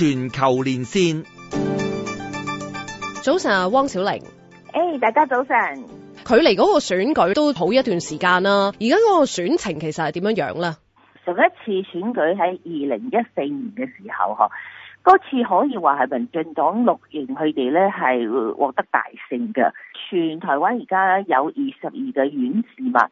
全球連線，早晨啊，汪小玲，誒、hey，大家早晨。距離嗰個選舉都好一段時間啦，而家嗰個選情其實係點樣樣咧？上一次選舉喺二零一四年嘅時候，嗬，嗰次可以話係民進黨綠營，佢哋咧係獲得大勝嘅。全台灣而家有二十二個縣市嘛？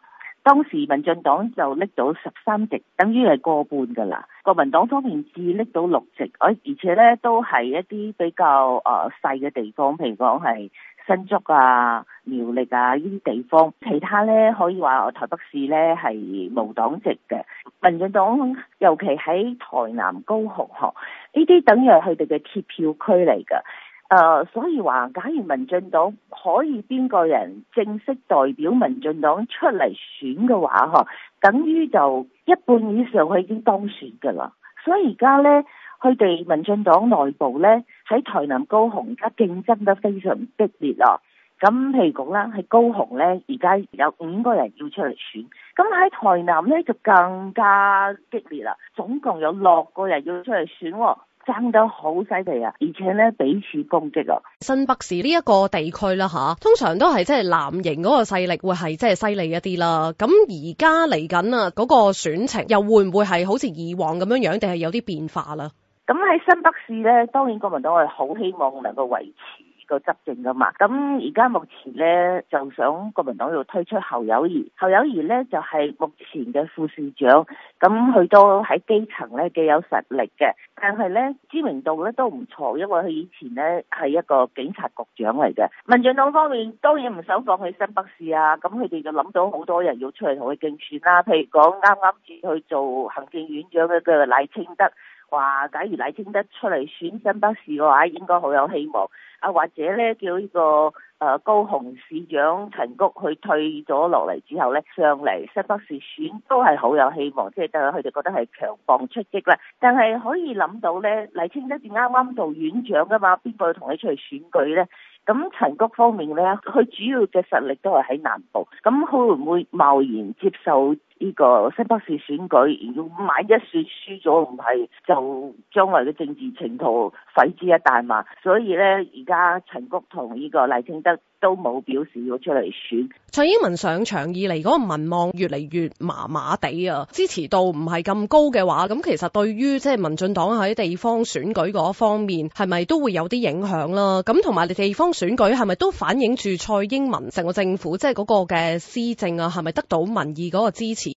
當時民進黨就拎到十三席，等於係過半噶啦。國民黨方面只拎到六席，而且咧都係一啲比較呃、細嘅地方，譬如講係新竹啊、苗栗啊呢啲地方。其他咧可以話台北市咧係無黨籍嘅。民進黨尤其喺台南高雄學呢啲，這些等於係佢哋嘅鐵票區嚟㗎。誒、呃，所以話，假如民進黨可以邊個人正式代表民進黨出嚟選嘅話，嗬，等於就一半以上佢已經當選㗎啦。所以而家呢，佢哋民進黨內部呢，喺台南高雄而家競爭得非常激烈啊。咁譬如講啦，喺高雄呢，而家有五個人要出嚟選，咁喺台南呢，就更加激烈啦。總共有六個人要出嚟選喎、哦。爭得好犀利啊！而且咧，彼此攻擊啊！新北市呢一個地區啦吓，通常都係即係藍營嗰個勢力會係即係犀利一啲啦。咁而家嚟緊啊，嗰個選情又會唔會係好似以往咁樣樣，定係有啲變化啦？咁喺新北市咧，當然國民黨係好希望能夠維持。個執政噶嘛，咁而家目前呢，就想國民黨要推出侯友宜，侯友宜呢，就係、是、目前嘅副市長，咁佢都喺基層呢，幾有實力嘅，但係呢，知名度呢都唔錯，因為佢以前呢係一個警察局長嚟嘅。民進黨方面當然唔想放棄新北市啊，咁佢哋就諗到好多人要出嚟同佢競選啦、啊，譬如講啱啱只去做行政院長嘅賴清德，話假如賴清德出嚟選新北市嘅話，應該好有希望。啊，或者咧叫呢個誒、呃、高雄市長陳菊去退咗落嚟之後咧，上嚟新北市選都係好有希望，即係佢哋覺得係強棒出擊啦。但係可以諗到咧，賴清德仲啱啱做院長噶嘛，邊個同你出嚟選舉咧？咁陳菊方面咧，佢主要嘅實力都係喺南部，咁佢會唔會貿然接受？呢、這個新北市選舉，如果萬一選輸咗，唔係就將來嘅政治前途毀之一旦嘛。所以咧，而家陳菊同呢個賴清德都冇表示要出嚟選。蔡英文上場以嚟嗰個民望越嚟越麻麻地啊，支持度唔係咁高嘅話，咁其實對於即係民進黨喺地方選舉嗰一方面，係咪都會有啲影響啦？咁同埋地地方選舉係咪都反映住蔡英文成個政府即係嗰個嘅施政啊？係咪得到民意嗰個支持？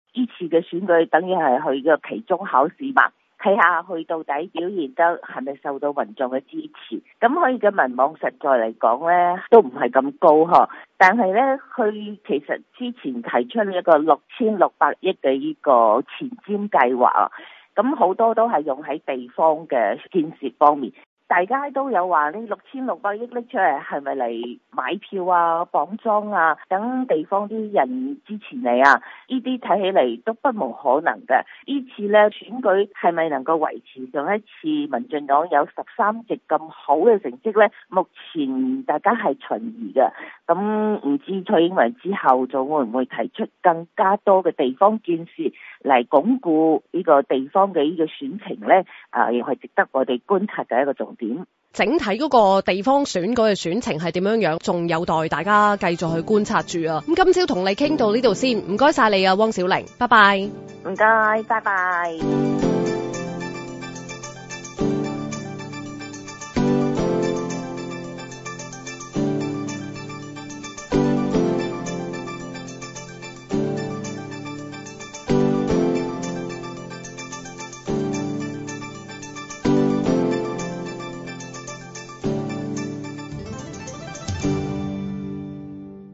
嘅選舉等於係去個期中考試嘛，睇下佢到底表現得係咪受到民眾嘅支持。咁可以嘅民望實在嚟講呢都唔係咁高呵。但係呢，佢其實之前提出一個六千六百億嘅呢個前瞻計劃啊，咁好多都係用喺地方嘅建設方面。大家都有話呢六千六百億拎出嚟，係咪嚟買票啊、綁樁啊、等地方啲人支持你啊？呢啲睇起嚟都不無可能嘅。呢次呢選舉係咪能夠維持上一次民進黨有十三席咁好嘅成績呢？目前大家係存疑嘅。咁唔知蔡英文之後仲會唔會提出更加多嘅地方建設嚟鞏固呢個地方嘅呢個選情呢？啊，亦係值得我哋觀察嘅一個重點。整體嗰個地方選舉嘅選情係點樣樣，仲有待大家繼續去觀察住啊！咁今朝同你傾到呢度先，唔該晒你啊，汪小玲，拜拜。唔該，拜拜。